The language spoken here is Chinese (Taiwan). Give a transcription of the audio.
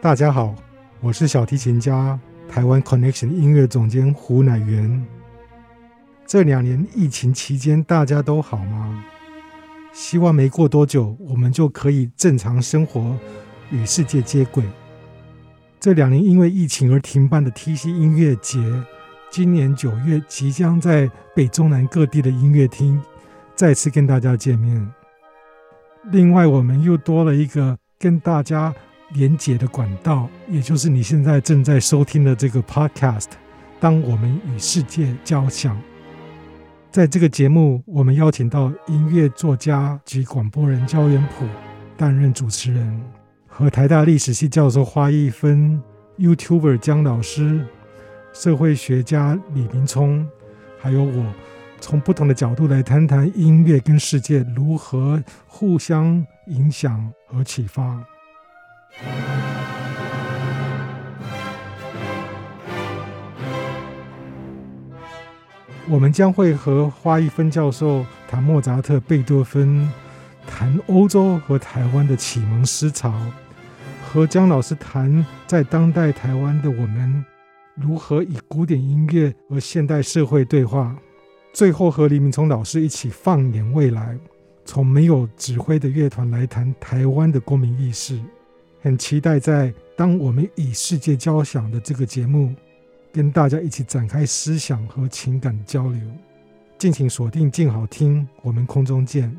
大家好，我是小提琴家、台灣 Connection 音樂總監胡乃元。這兩年疫情期間，大家都好嗎？希望沒過多久，我們就可以正常生活，與世界接軌。這兩年因為疫情而停辦的 TC 音樂節，今年九月即將在北中南各地的音樂廳再次跟大家見面。另外，我們又多了一個跟大家連結的管道，也就是你現在正在收聽的這個 Podcast。當我們與世界交響，在這個節目，我們邀請到音樂作家及廣播人焦元溥擔任主持人，和台大歷史系教授花亦芬、YouTuber 江老師、社會學家李明璁，還有我，從不同的角度來談談音樂跟世界如何互相影響和啟發。我們將會和花亦芬教授談莫扎特、貝多芬，談歐洲和台灣的啟蒙思潮；和江老師談在當代台灣的我們如何以古典音樂和現代社會對話；最後和李明璁老師一起放眼未來，從沒有指揮的樂團來談台灣的公民意識。很期待在當我們與世界交響的這個節目，跟大家一起展開思想和情感交流。敬請鎖定鏡好聽，我們空中見。